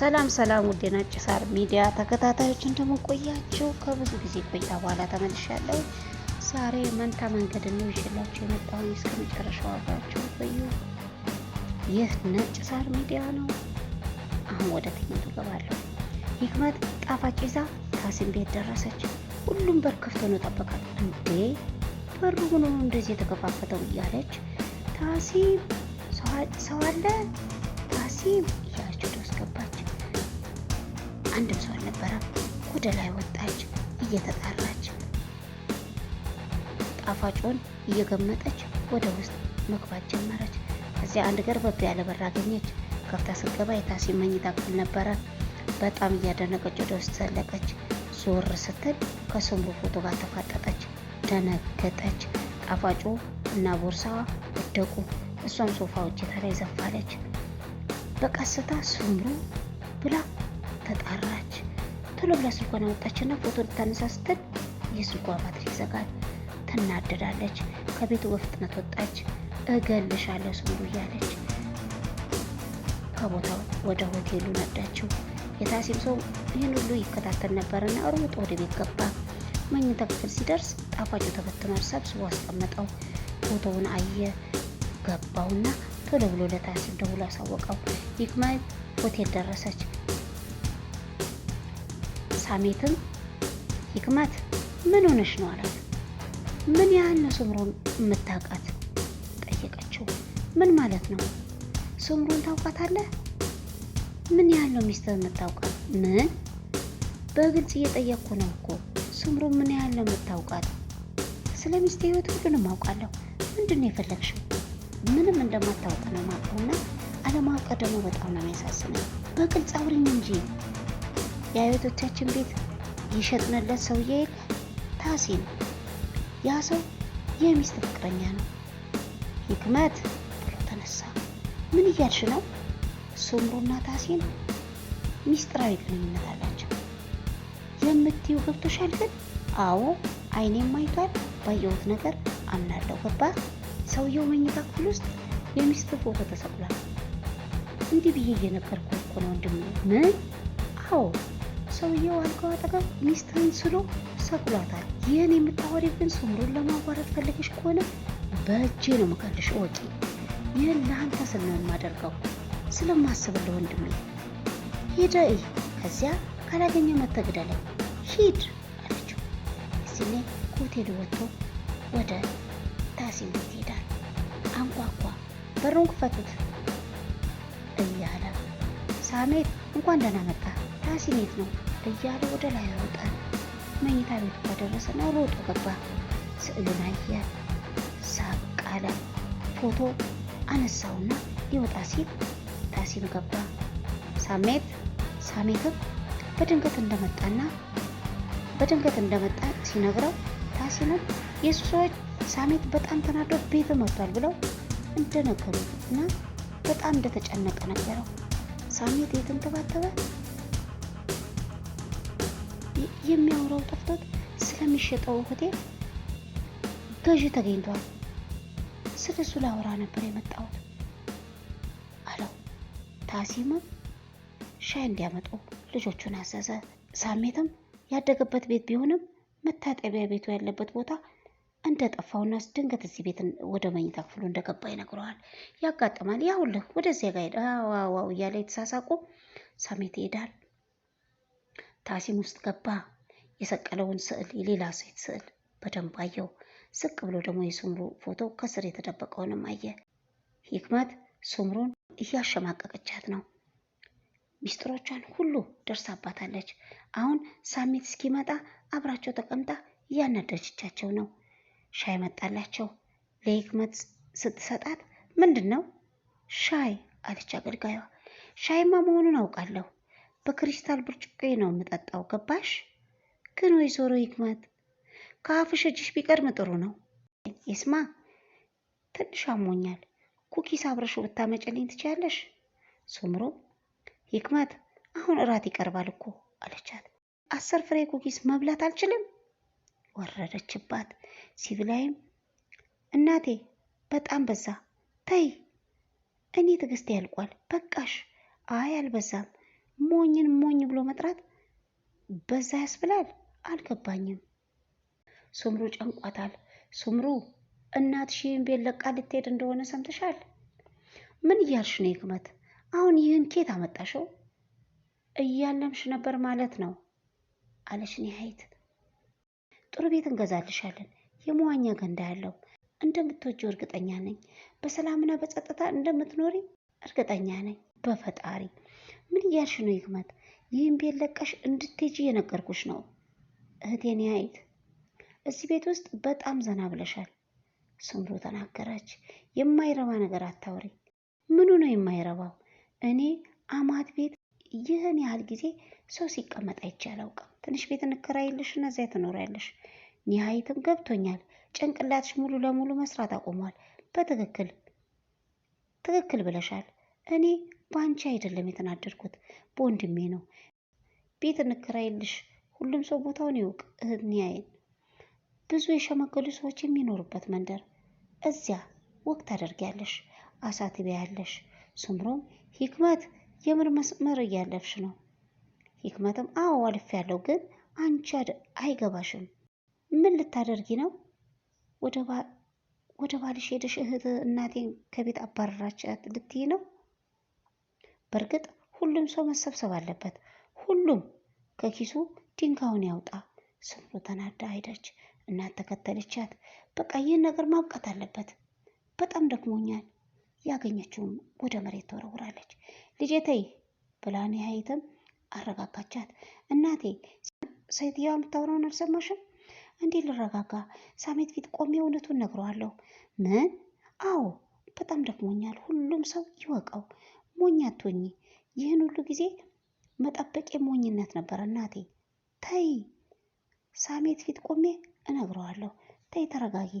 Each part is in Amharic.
ሰላም ሰላም፣ ውድ ነጭ ሳር ሚዲያ ተከታታዮች እንደምቆያችሁ ከብዙ ጊዜ ቆይታ በኋላ ተመልሻለሁ። ዛሬ መንታ መንገድ ነው ይሽላችሁ የመጣሁን። እስከ መጨረሻው አብራችሁ ቆዩ። ይህ ነጭ ሳር ሚዲያ ነው። አሁን ወደ ትኝቱ ገባለሁ። ሂክመት ጣፋጭ ይዛ ካሲም ቤት ደረሰች። ሁሉም በር ከፍቶ ነው ጠበቃት። እንዴ በሩ ሆኖ እንደዚህ የተከፋፈተው እያለች ታሲም ሰው አለ ታሲም አንድም ሰው አልነበረም። ወደ ላይ ወጣች እየተጣራች ጣፋጩን እየገመጠች ወደ ውስጥ መግባት ጀመረች። እዚያ አንድ ገርበብ ያለ በር አገኘች። ከፍታ ስትገባ የታሲ መኝታ ክፍል ነበረ። በጣም እያደነቀች ወደ ውስጥ ዘለቀች። ዞር ስትል ከስንቡ ፎቶ ጋር ተፋጠጠች። ደነገጠች። ጣፋጩ እና ቦርሳዋ ወደቁ። እሷም ሶፋ ውጭታ ላይ ዘፋለች። በቀስታ ስንቡ ብላ ተጣራች። ቶሎ ብላ ስልኳን አወጣችና ፎቶ ልታነሳ ስትል የስልኳ ባትሪ ይዘጋል። ትናደዳለች። ከቤቱ በፍጥነት ወጣች። እገልሻለሁ ስሉ እያለች ከቦታው ወደ ሆቴሉ ነዳችው። የታሲም ሰው ይህን ሁሉ ይከታተል ነበርና ሮጥ ወደ ቤት ገባ። መኝታ ክፍል ሲደርስ ጣፋጩ ተበትኗል። ሰብስቦ አስቀመጠው። ፎቶውን አየ። ገባውና ቶሎ ብሎ ለታሲም ደውሎ አሳወቀው። ይክማይ ሆቴል ደረሰች። ሳሜትም ሂክመት ምን ሆነሽ ነው አላት። ምን ያህል ነው ስምሮን የምታውቃት ጠየቀችው። ምን ማለት ነው ስምሮን ታውቃታለህ? ምን ያህል ነው ሚስትህ የምታውቃት? ምን በግልጽ እየጠየቅኩ ነው እኮ ስምሮ ምን ያህል ነው የምታውቃት? ስለ ሚስቴ ህይወት ሁሉንም አውቃለሁ። ምንድን ነው የፈለግሽው? ምንም እንደማታውቅ ነው ማውቀውና አለማውቀ ደግሞ በጣም ነው የሚያሳስነው በግልጽ አውሪኝ እንጂ የአያቶቻችን ቤት ይሸጥንለት ሰውዬ ታሲ ነው። ያ ሰው የሚስት ፍቅረኛ ነው። ሂክመት ብሎ ተነሳ። ምን እያልሽ ነው? ሱምሩና ታሲን ነው ሚስጥራዊ ግንኙነት አላቸው የምትይው ገብቶሻል? ግን አዎ፣ አይኔም አይቷል። ባየሁት ነገር አምናለሁ። ገባ ሰውየው መኝታ ክፍል ውስጥ የሚስት ፎቶ ተሰቅሏል። እንዲህ ብዬ እየነገርኩህ እኮ ነው ወንድም። ምን? አዎ ሰውየው አልጋው አጠገብ ሚስትህን ስሎ ሰቅሏታል። ይህን የምታወሪብን ሱምሩን ለማዋረድ ፈለገች ከሆነ በእጄ ነው የምከልሽ ወቂ። ይህን ለአንተ ስል ነው የማደርገው ስለማስብልህ ወንድሜ። ሂደ ይ ከዚያ ካላገኘ መተግደለኝ ሂድ አለችው። ሲኔ ሆቴል ወጥቶ ወደ ታሲን ቤት ይሄዳል። አንኳኳ፣ በሩን ክፈቱት እያለ ሳሜት እንኳን ደህና መጣ ታሲሜት ነው እያለ ወደ ላይ ሮጠ። መኝታ ቤቱ ከደረሰና ሮጦ ገባ። ስዕሉን አየ፣ ሳቅ አለ። ፎቶ አነሳውና ሊወጣ ሲል ታሲም ገባ። ሳሜት ሳሜትም በድንገት እንደመጣና በድንገት እንደመጣ ሲነግረው ታሲምም የእሱ ሰዎች ሳሜት በጣም ተናዶ ቤት መቷል ብለው እንደነገሩት እና በጣም እንደተጨነቀ ነገረው። ሳሜት የትን ተባተበ የሚያወራው ጠፍቶት ስለሚሸጠው ሆቴል ገዢ ተገኝቷል። ስለ እሱ ላወራ ነበር የመጣሁት አለው። ታሲምም ሻይ እንዲያመጡ ልጆቹን አዘዘ። ሳሜትም ያደገበት ቤት ቢሆንም መታጠቢያ ቤቱ ያለበት ቦታ እንደ ጠፋውና ድንገት እዚህ ቤት ወደ መኝታ ክፍሉ እንደገባ ይነግረዋል። ያጋጥማል። ያሁልህ ወደዚያ ጋ ዋዋው እያለ የተሳሳቁ ሳሜት ይሄዳል። ታሲም ውስጥ ገባ። የሰቀለውን ስዕል የሌላ ሴት ስዕል በደንብ አየው። ስቅ ብሎ ደግሞ የሱምሩ ፎቶ ከስር የተደበቀውንም አየ። ሂክመት ሱምሩን እያሸማቀቀቻት ነው። ሚስጥሮቿን ሁሉ ደርሳባታለች። አሁን ሳሚት እስኪመጣ አብራቸው ተቀምጣ እያናደጀቻቸው ነው። ሻይ መጣላቸው። ለሂክመት ስትሰጣት ምንድን ነው ሻይ አለች አገልጋዩ። ሻይማ መሆኑን አውቃለሁ በክሪስታል ብርጭቆዬ ነው የምጠጣው። ገባሽ? ግን ወይዘሮ ሂክመት ከአፍሽ እጅሽ ቢቀድም ጥሩ ነው። ይስማ፣ ትንሽ አሞኛል። ኩኪስ አብረሹ ብታመጭልኝ ትችያለሽ? ሱምሩ ሂክመት አሁን እራት ይቀርባል እኮ አለቻት። አስር ፍሬ ኩኪስ መብላት አልችልም። ወረደችባት። ሲቪላይም እናቴ በጣም በዛ፣ ተይ እኔ ትዕግስቴ ያልቋል። በቃሽ። አይ አልበዛም ሞኝን ሞኝ ብሎ መጥራት በዛ ያስብላል። አልገባኝም። ሱምሩ ጨንቋታል። ሱምሩ እናት ይህን ቤት ለቃ ልትሄድ እንደሆነ ሰምተሻል? ምን እያልሽ ነው ህክመት? አሁን ይህን ኬት አመጣሽው? እያለምሽ ነበር ማለት ነው አለሽን ያይት ጥሩ ቤት እንገዛልሻለን፣ የመዋኛ ገንዳ ያለው እንደምትወጂው እርግጠኛ ነኝ። በሰላምና በጸጥታ እንደምትኖሪ እርግጠኛ ነኝ። በፈጣሪ ምን እያልሽ ነው ይግመት? ይህን ቤት ለቀሽ እንድትሄጂ እየነገርኩሽ ነው። እህቴን ያይት እዚህ ቤት ውስጥ በጣም ዘና ብለሻል፣ ስምሩ ተናገረች። የማይረባ ነገር አታውሪ። ምኑ ነው የማይረባው? እኔ አማት ቤት ይህን ያህል ጊዜ ሰው ሲቀመጥ አይቼ አላውቅም። ትንሽ ቤት እንከራይልሽ እና እዚያ ትኖሪያለሽ። ኒሀይትም ገብቶኛል። ጭንቅላትሽ ሙሉ ለሙሉ መስራት አቁሟል። በትክክል ትክክል ብለሻል። እኔ በአንቺ አይደለም የተናደድኩት፣ በወንድሜ ነው። ቤት እንከራይልሽ፣ ሁሉም ሰው ቦታውን ይወቅ፣ እንያይን። ብዙ የሸመገሉ ሰዎች የሚኖሩበት መንደር፣ እዚያ ወቅት ታደርጊያለሽ፣ አሳ ትበያለሽ። ስምሮም ሂክመት የምር መስመር እያለፍሽ ነው። ሂክመትም አዎ ያለው ግን አንቺ አይገባሽም። ምን ልታደርጊ ነው? ወደ ባልሽ ሄደሽ እህት እናቴን ከቤት አባረራቻት ልትይ ነው? በእርግጥ ሁሉም ሰው መሰብሰብ አለበት። ሁሉም ከኪሱ ድንጋዩን ያውጣ። ስምሩ ተናዳ ሄደች። እናት ተከተለቻት። በቃ ይህን ነገር ማብቃት አለበት። በጣም ደክሞኛል። ያገኘችውም ወደ መሬት ተወረውራለች። ልጄ ተይ ብላን ሀይትም አረጋጋቻት። እናቴ ሴትዮዋ የምታወራውን አልሰማሽም? እንዲህ ልረጋጋ ሳሜት ፊት ቆሜ እውነቱን ነግረዋለሁ። ምን? አዎ በጣም ደክሞኛል። ሁሉም ሰው ይወቀው። ሞኝ አትሆኚ። ይህን ሁሉ ጊዜ መጠበቅ የሞኝነት ነበር እናቴ። ተይ፣ ሳሜት ፊት ቆሜ እነግረዋለሁ። ተይ ተረጋጊ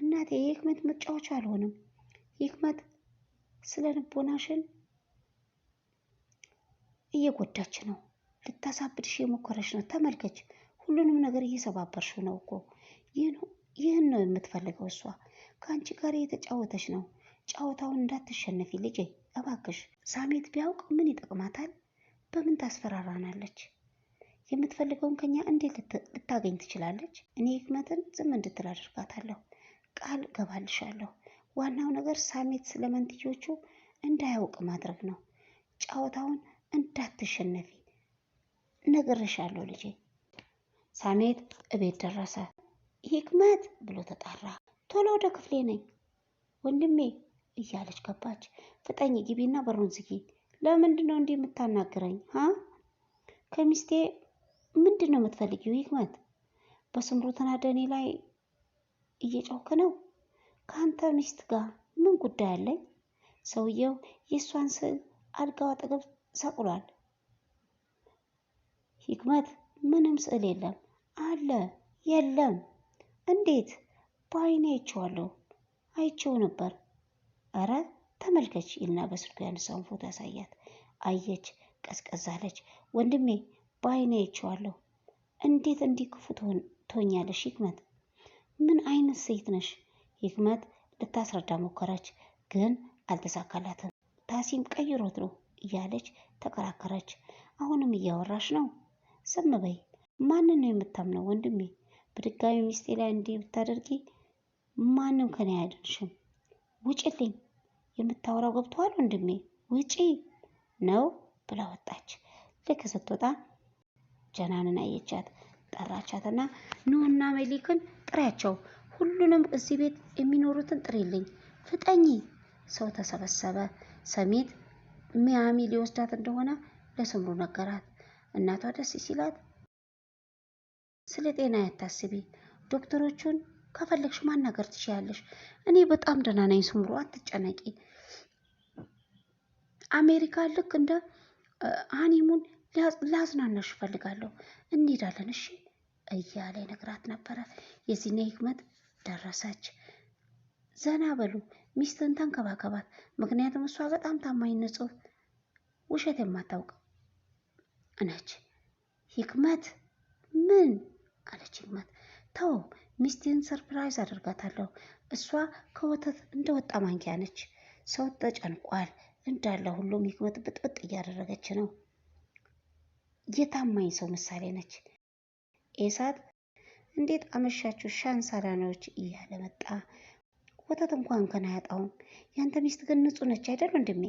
እናቴ። የህክመት መጫወቻ አልሆንም። ህክመት ስለ ልቦናሽን እየጎዳች ነው። ልታሳብድሽ የሞከረች ነው። ተመልከች፣ ሁሉንም ነገር እየሰባበርሽው ነው እኮ። ይህን ነው የምትፈልገው እሷ። ከአንቺ ጋር እየተጫወተች ነው። ጨዋታውን እንዳትሸነፊ ልጄ። እባክሽ ሳሜት ቢያውቅ ምን ይጠቅማታል? በምን ታስፈራራናለች? የምትፈልገውን ከኛ እንዴት ልታገኝ ትችላለች? እኔ ህክመትን ዝም እንድትል አድርጋታለሁ። ቃል ገባልሻለሁ። ዋናው ነገር ሳሜት ስለ መንትዮቹ እንዳያውቅ ማድረግ ነው። ጨዋታውን እንዳትሸነፊ ነግሬሻለሁ ልጄ። ሳሜት እቤት ደረሰ። ህክመት ብሎ ተጣራ። ቶሎ ወደ ክፍሌ ነኝ ወንድሜ እያለች ገባች። ፍጠኝ ግቢና በሩን ዝጊ። ለምንድን ነው እንዲህ የምታናግረኝ? ከሚስቴ ምንድን ነው የምትፈልጊው? ህክመት በስምሩትና ደኔ ላይ እየጮክ ነው። ከአንተ ሚስት ጋር ምን ጉዳይ አለኝ? ሰውየው የእሷን ስዕል አልጋው አጠገብ ሰቅሏል። ህክመት ምንም ስዕል የለም አለ። የለም እንዴት? በአይኔ አይቼዋለሁ። አይቼው ነበር እረ ተመልከች ይልና በስልኩ ያነሳውን ፎቶ ያሳያት። አየች፣ ቀዝቀዝ ወንድሜ በአይኔ አይቼዋለሁ። እንዴት እንዲህ ክፉ ትሆኛለሽ ሂክመት? ምን አይነት ሴት ነሽ? ሂክመት ልታስረዳ ሞከረች፣ ግን አልተሳካላትም። ታሲም ቀይሮት ነው እያለች ተከራከረች። አሁንም እያወራሽ ነው? ዝም በይ። ማንን ነው የምታምነው? ወንድሜ በድጋሚ ሚስቴ ላይ እንዲህ ብታደርጊ ማንም ከኔ አያድንሽም። ውጭልኝ! የምታወራው ገብቶሃል ወንድሜ ውጪ ነው ብላ ወጣች። ልክ ስትወጣ ጀናንን አየቻት። ጠራቻትና ኑና መሊክን ጥሪያቸው፣ ሁሉንም እዚህ ቤት የሚኖሩትን ጥሪልኝ፣ ፍጠኝ! ሰው ተሰበሰበ። ሰሜት ሚያሚ ሊወስዳት እንደሆነ ለስምሩ ነገራት። እናቷ ደስ ሲላት ስለ ጤና ያታስቢ ዶክተሮቹን ከፈለግሽ ማናገር ትችያለሽ። እኔ በጣም ደህና ነኝ ስምሩ፣ አትጨነቂ። አሜሪካ ልክ እንደ ሀኒሙን ላዝናናሽ እፈልጋለሁ፣ እንሄዳለን እሺ እያለ ነግራት ነበረ። የዚህኔ ህክመት ደረሰች። ዘና በሉ፣ ሚስትን ተንከባከባት። ምክንያቱም እሷ በጣም ታማኝ፣ ንጹህ፣ ውሸት የማታውቅ ነች። ህክመት ምን አለች? ህክመት ተው ሚስቴን ሰርፕራይዝ አደርጋታለሁ። እሷ ከወተት እንደወጣ ማንኪያ ነች። ሰው ተጨንቋል እንዳለ ሁሉም ይግበጥ ብጥብጥ እያደረገች ነው። የታማኝ ሰው ምሳሌ ነች። ኤሳት እንዴት አመሻችሁ ሻንሳላኖች እያለ መጣ። ወተት እንኳን ገና አያጣውም። ያንተ ሚስት ግን ንጹህ ነች አይደል ወንድሜ?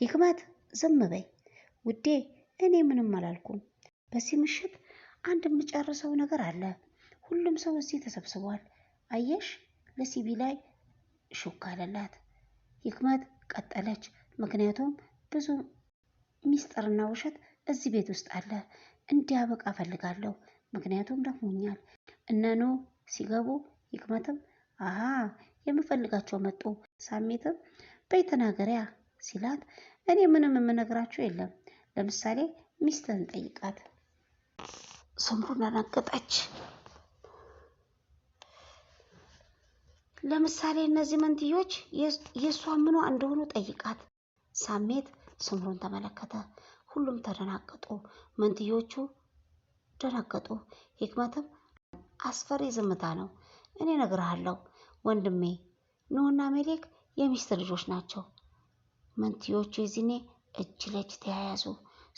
ሂክመት ዝም በይ ውዴ፣ እኔ ምንም አላልኩም። በዚህ ምሽት አንድ የምጨርሰው ነገር አለ። ሁሉም ሰው እዚህ ተሰብስቧል። አየሽ ለሲቢ ላይ ሹክ አለላት። ሂክመት ቀጠለች። ምክንያቱም ብዙ ሚስጥርና ውሸት እዚህ ቤት ውስጥ አለ። እንዲያበቃ ፈልጋለሁ፣ ምክንያቱም ደክሞኛል። እነ ሲገቡ ሂክመትም አሀ የምፈልጋቸው መጡ። ሳሜትም በይ ተናገሪያ ሲላት እኔ ምንም የምነግራቸው የለም። ለምሳሌ ሚስትህን ጠይቃት። ስምሩን አናገጠች። ለምሳሌ እነዚህ መንትዮች የእሷ ምኗ እንደሆኑ ጠይቃት። ሳሜት ስምሩን ተመለከተ። ሁሉም ተደናገጡ። መንትዮቹ ደነገጡ። ሂክመትም አስፈሪ ዝምታ ነው። እኔ እነግርሃለሁ ወንድሜ፣ ኖህና ሜሌክ የሚስት ልጆች ናቸው። መንትዮቹ የዚኔ እጅ ለእጅ ተያያዙ።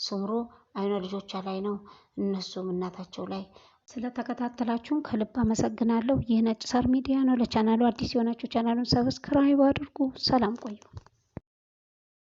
ስምሩ አይኗ ልጆቿ ላይ ነው፣ እነሱም እናታቸው ላይ ስለተከታተላችሁም ከልብ አመሰግናለሁ። ይህ ነጭ ሳር ሚዲያ ነው። ለቻናሉ አዲስ የሆናችሁ ቻናሉን ሰብስክራይብ አድርጉ። ሰላም ቆዩ።